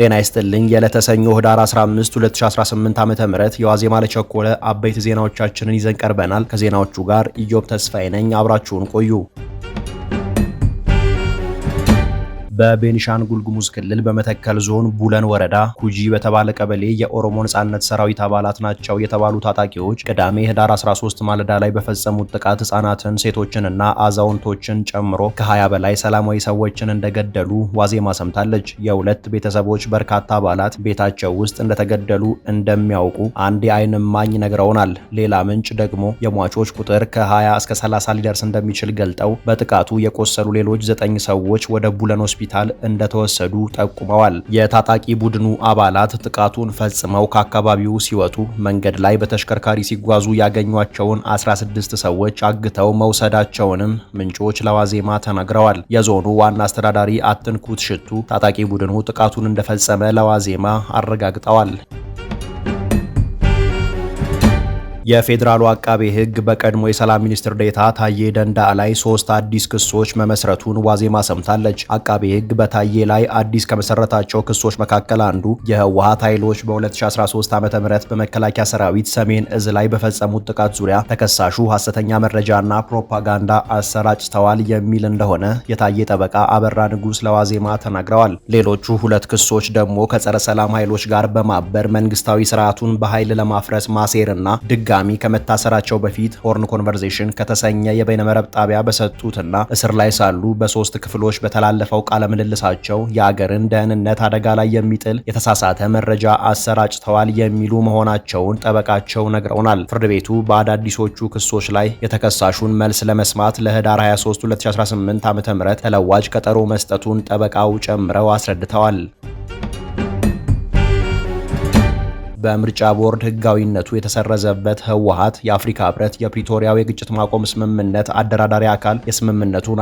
ጤና ይስጥልኝ። የለተሰኞ ህዳር 15 2018 ዓ ም የዋዜማ ለቸኮለ አበይት ዜናዎቻችንን ይዘን ቀርበናል። ከዜናዎቹ ጋር ኢዮብ ተስፋዬ ነኝ። አብራችሁን ቆዩ። በቤኒሻንጉል ጉሙዝ ክልል በመተከል ዞን ቡለን ወረዳ ኩጂ በተባለ ቀበሌ የኦሮሞ ነጻነት ሰራዊት አባላት ናቸው የተባሉ ታጣቂዎች ቅዳሜ ህዳር 13 ማለዳ ላይ በፈጸሙት ጥቃት ህጻናትን፣ ሴቶችንና አዛውንቶችን ጨምሮ ከ20 በላይ ሰላማዊ ሰዎችን እንደገደሉ ዋዜማ ሰምታለች። የሁለት ቤተሰቦች በርካታ አባላት ቤታቸው ውስጥ እንደተገደሉ እንደሚያውቁ አንድ የአይን እማኝ ነግረውናል። ሌላ ምንጭ ደግሞ የሟቾች ቁጥር ከ20 እስከ 30 ሊደርስ እንደሚችል ገልጠው በጥቃቱ የቆሰሉ ሌሎች ዘጠኝ ሰዎች ወደ ቡለን ሆስፒታል ሆስፒታል እንደተወሰዱ ጠቁመዋል። የታጣቂ ቡድኑ አባላት ጥቃቱን ፈጽመው ከአካባቢው ሲወጡ መንገድ ላይ በተሽከርካሪ ሲጓዙ ያገኟቸውን 16 ሰዎች አግተው መውሰዳቸውንም ምንጮች ለዋዜማ ተናግረዋል። የዞኑ ዋና አስተዳዳሪ አትንኩት ሽቱ ታጣቂ ቡድኑ ጥቃቱን እንደፈጸመ ለዋዜማ አረጋግጠዋል። የፌዴራሉ አቃቤ ሕግ በቀድሞ የሰላም ሚኒስትር ዴታ ታዬ ደንዳ ላይ ሶስት አዲስ ክሶች መመስረቱን ዋዜማ ሰምታለች። አቃቤ ሕግ በታዬ ላይ አዲስ ከመሰረታቸው ክሶች መካከል አንዱ የህወሀት ኃይሎች በ2013 ዓ ም በመከላከያ ሰራዊት ሰሜን እዝ ላይ በፈጸሙት ጥቃት ዙሪያ ተከሳሹ ሐሰተኛ መረጃና ፕሮፓጋንዳ አሰራጭተዋል የሚል እንደሆነ የታዬ ጠበቃ አበራ ንጉስ ለዋዜማ ተናግረዋል። ሌሎቹ ሁለት ክሶች ደግሞ ከጸረ ሰላም ኃይሎች ጋር በማበር መንግስታዊ ስርዓቱን በኃይል ለማፍረስ ማሴርና ድጋ በድጋሚ ከመታሰራቸው በፊት ሆርን ኮንቨርሴሽን ከተሰኘ የበይነመረብ ጣቢያ በሰጡትና እስር ላይ ሳሉ በሶስት ክፍሎች በተላለፈው ቃለ ምልልሳቸው የአገርን ደህንነት አደጋ ላይ የሚጥል የተሳሳተ መረጃ አሰራጭተዋል የሚሉ መሆናቸውን ጠበቃቸው ነግረውናል። ፍርድ ቤቱ በአዳዲሶቹ ክሶች ላይ የተከሳሹን መልስ ለመስማት ለህዳር 23 2018 ዓ.ም ተለዋጭ ቀጠሮ መስጠቱን ጠበቃው ጨምረው አስረድተዋል። በምርጫ ቦርድ ህጋዊነቱ የተሰረዘበት ህወሀት የአፍሪካ ህብረት የፕሪቶሪያው የግጭት ማቆም ስምምነት አደራዳሪ አካል የስምምነቱን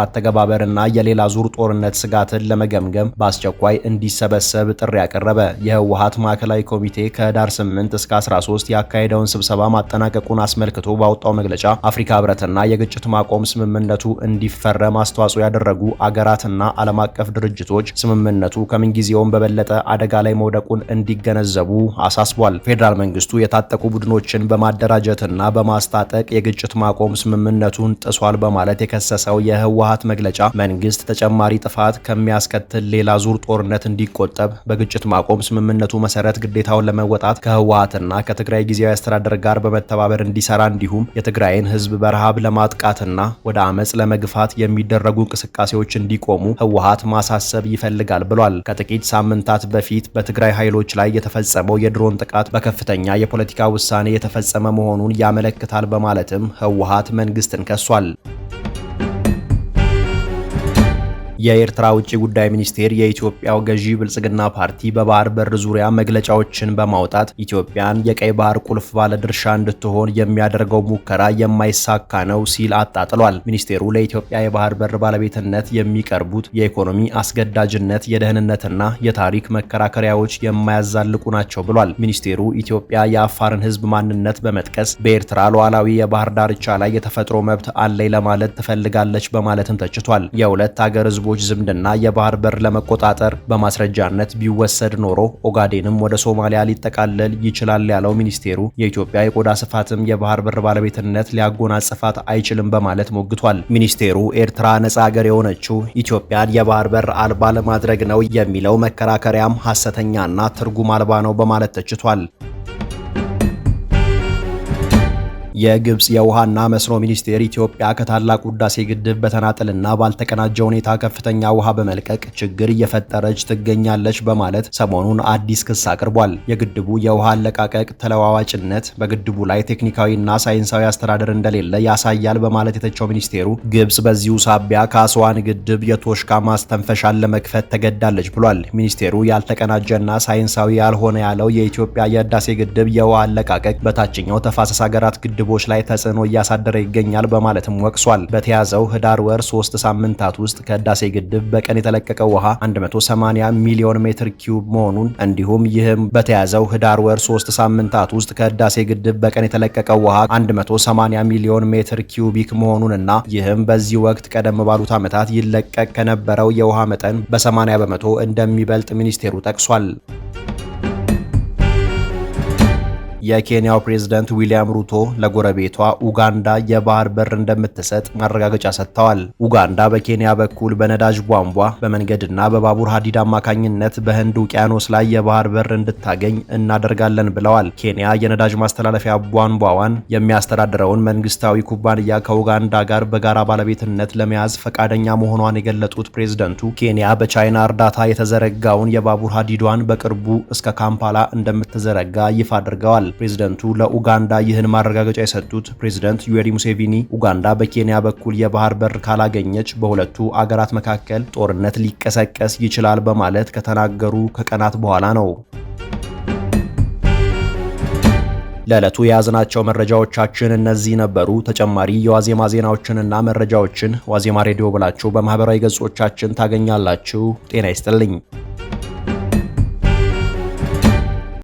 እና የሌላ ዙር ጦርነት ስጋትን ለመገምገም በአስቸኳይ እንዲሰበሰብ ጥሪ አቀረበ። የህወሀት ማዕከላዊ ኮሚቴ ከህዳር 8 እስከ 13 ያካሄደውን ስብሰባ ማጠናቀቁን አስመልክቶ ባወጣው መግለጫ አፍሪካ ህብረትና የግጭት ማቆም ስምምነቱ እንዲፈረም አስተዋጽኦ ያደረጉ አገራትና ዓለም አቀፍ ድርጅቶች ስምምነቱ ከምንጊዜውም በበለጠ አደጋ ላይ መውደቁን እንዲገነዘቡ አሳስቧል። ተገልጿል። ፌዴራል መንግስቱ የታጠቁ ቡድኖችን በማደራጀትና በማስታጠቅ የግጭት ማቆም ስምምነቱን ጥሷል በማለት የከሰሰው የህወሀት መግለጫ መንግስት ተጨማሪ ጥፋት ከሚያስከትል ሌላ ዙር ጦርነት እንዲቆጠብ በግጭት ማቆም ስምምነቱ መሰረት ግዴታውን ለመወጣት ከህወሀትና ከትግራይ ጊዜያዊ አስተዳደር ጋር በመተባበር እንዲሰራ እንዲሁም የትግራይን ህዝብ በረሃብ ለማጥቃትና ወደ አመፅ ለመግፋት የሚደረጉ እንቅስቃሴዎች እንዲቆሙ ህወሀት ማሳሰብ ይፈልጋል ብሏል። ከጥቂት ሳምንታት በፊት በትግራይ ኃይሎች ላይ የተፈጸመው የድሮን ጥቃት ጥቃት በከፍተኛ የፖለቲካ ውሳኔ የተፈጸመ መሆኑን ያመለክታል በማለትም ህወሓት መንግስትን ከሷል። የኤርትራ ውጭ ጉዳይ ሚኒስቴር የኢትዮጵያው ገዢ ብልጽግና ፓርቲ በባህር በር ዙሪያ መግለጫዎችን በማውጣት ኢትዮጵያን የቀይ ባህር ቁልፍ ባለ ድርሻ እንድትሆን የሚያደርገው ሙከራ የማይሳካ ነው ሲል አጣጥሏል። ሚኒስቴሩ ለኢትዮጵያ የባህር በር ባለቤትነት የሚቀርቡት የኢኮኖሚ አስገዳጅነት፣ የደህንነትና የታሪክ መከራከሪያዎች የማያዛልቁ ናቸው ብሏል። ሚኒስቴሩ ኢትዮጵያ የአፋርን ሕዝብ ማንነት በመጥቀስ በኤርትራ ሉዓላዊ የባህር ዳርቻ ላይ የተፈጥሮ መብት አለይ ለማለት ትፈልጋለች በማለትም ተችቷል። የሁለት ሀገር ሕዝቡ ህዝቦች ዝምድና የባህር በር ለመቆጣጠር በማስረጃነት ቢወሰድ ኖሮ ኦጋዴንም ወደ ሶማሊያ ሊጠቃለል ይችላል ያለው ሚኒስቴሩ የኢትዮጵያ የቆዳ ስፋትም የባህር በር ባለቤትነት ሊያጎናጽፋት አይችልም በማለት ሞግቷል። ሚኒስቴሩ ኤርትራ ነጻ ሀገር የሆነችው ኢትዮጵያን የባህር በር አልባ ለማድረግ ነው የሚለው መከራከሪያም ሐሰተኛና ትርጉም አልባ ነው በማለት ተችቷል። የግብፅ የውሃና መስኖ ሚኒስቴር ኢትዮጵያ ከታላቁ ህዳሴ ግድብ በተናጠልና ባልተቀናጀ ሁኔታ ከፍተኛ ውሃ በመልቀቅ ችግር እየፈጠረች ትገኛለች በማለት ሰሞኑን አዲስ ክስ አቅርቧል። የግድቡ የውሃ አለቃቀቅ ተለዋዋጭነት በግድቡ ላይ ቴክኒካዊና ሳይንሳዊ አስተዳደር እንደሌለ ያሳያል በማለት የተቸው ሚኒስቴሩ ግብፅ በዚሁ ሳቢያ ከአስዋን ግድብ የቶሽካ ማስተንፈሻን ለመክፈት ተገዳለች ብሏል። ሚኒስቴሩ ያልተቀናጀና ሳይንሳዊ ያልሆነ ያለው የኢትዮጵያ የህዳሴ ግድብ የውሃ አለቃቀቅ በታችኛው ተፋሰስ ሀገራት ግድቡ ህዝቦች ላይ ተጽዕኖ እያሳደረ ይገኛል በማለትም ወቅሷል። በተያዘው ህዳር ወር ሶስት ሳምንታት ውስጥ ከህዳሴ ግድብ በቀን የተለቀቀ ውሃ 180 ሚሊዮን ሜትር ኪዩብ መሆኑን እንዲሁም ይህም በተያዘው ህዳር ወር ሶስት ሳምንታት ውስጥ ከህዳሴ ግድብ በቀን የተለቀቀ ውሃ 180 ሚሊዮን ሜትር ኪዩቢክ እና ይህም በዚህ ወቅት ቀደም ባሉት ዓመታት ይለቀቅ ከነበረው የውሃ መጠን በ80 በመቶ እንደሚበልጥ ሚኒስቴሩ ጠቅሷል። የኬንያው ፕሬዝደንት ዊሊያም ሩቶ ለጎረቤቷ ኡጋንዳ የባህር በር እንደምትሰጥ ማረጋገጫ ሰጥተዋል። ኡጋንዳ በኬንያ በኩል በነዳጅ ቧንቧ በመንገድና በባቡር ሀዲድ አማካኝነት በህንድ ውቅያኖስ ላይ የባህር በር እንድታገኝ እናደርጋለን ብለዋል። ኬንያ የነዳጅ ማስተላለፊያ ቧንቧዋን የሚያስተዳድረውን መንግስታዊ ኩባንያ ከኡጋንዳ ጋር በጋራ ባለቤትነት ለመያዝ ፈቃደኛ መሆኗን የገለጡት ፕሬዝደንቱ ኬንያ በቻይና እርዳታ የተዘረጋውን የባቡር ሀዲዷን በቅርቡ እስከ ካምፓላ እንደምትዘረጋ ይፋ አድርገዋል። ፕሬዝደንቱ ለኡጋንዳ ይህን ማረጋገጫ የሰጡት ፕሬዝደንት ዩዌሪ ሙሴቪኒ ኡጋንዳ በኬንያ በኩል የባህር በር ካላገኘች በሁለቱ አገራት መካከል ጦርነት ሊቀሰቀስ ይችላል በማለት ከተናገሩ ከቀናት በኋላ ነው። ለዕለቱ የያዝናቸው መረጃዎቻችን እነዚህ ነበሩ። ተጨማሪ የዋዜማ ዜናዎችንና መረጃዎችን ዋዜማ ሬዲዮ ብላችሁ በማህበራዊ ገጾቻችን ታገኛላችሁ። ጤና ይስጥልኝ።